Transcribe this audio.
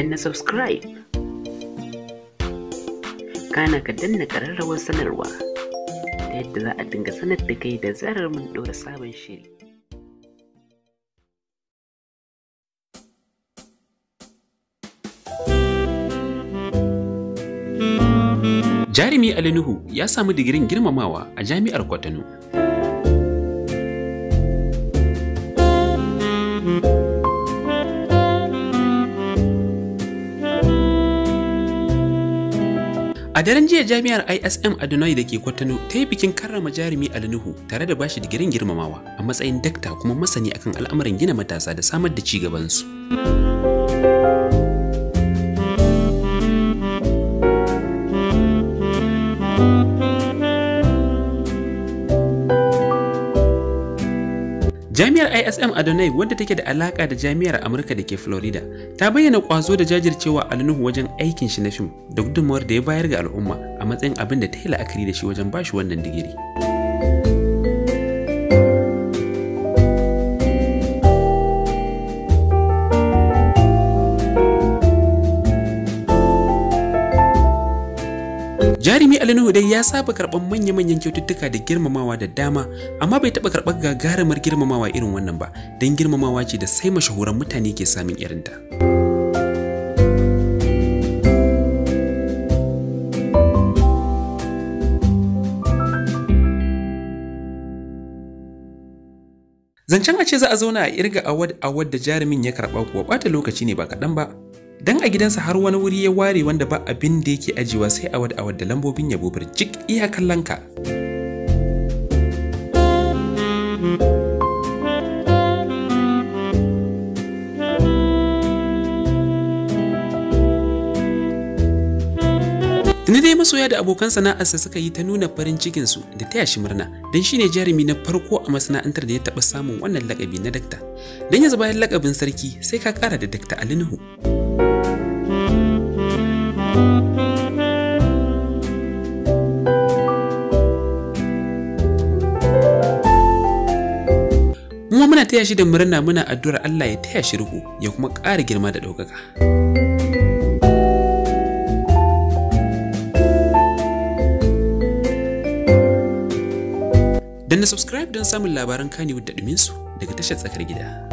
danna subscribe kana ka danna ƙararrawar sanarwa ta yadda za a dinga sanar da kai da zarar mun ɗora sabon shiri jarumi alinuhu ya samu digirin girmamawa a jami'ar kwatano A daren jiya jami'ar ISM a Adonai da ke Kwatano ta yi bikin karrama jarumi Nuhu tare da bashi digirin girmamawa a matsayin dakta kuma masani akan al'amuran gina matasa da samar da ci gabansu. Jami'ar ISM Adonai wadda take da alaka da Jami'ar Amurka da ke Florida ta bayyana kwazo da jajircewa a Nuhu wajen aikin shi na fim da gudunmawar da ya bayar ga al'umma a matsayin abin da ta yi la'akari da shi wajen bashi wannan digiri. Jarumi Alinuhu dai ya saba karɓar manya-manyan kyaututtuka da girmamawa da dama, amma bai taɓa karɓar gagarumar girmamawa irin wannan ba, don girmamawa ce da sai mashahuran mutane ke samun ta. Zancen a ce za a zauna a irga awad awad da jarumin ya karɓa kuwa ɓata lokaci ne ba kaɗan ba, Dan a gidansa har wani wuri ya ware wanda ba abin da yake ajiwa sai awad awad da lambobin yabo birjik iya kallonka. Tuni dai masoya da abokan sana'arsa suka yi ta nuna farin cikinsu da taya shi murna, don shine jarumi na farko a masana'antar da ya taɓa samun wannan lakabi na dakta. Don yanzu bayan lakabin sarki sai ka ƙara da dakta Alinuhu. taya shi da murna muna addu'ar Allah ya taya shi ruhu ya kuma ƙara girma da ɗaukaka. na subscribe don samun labaran Kannywood da ɗuminsu daga tashar tsakar gida.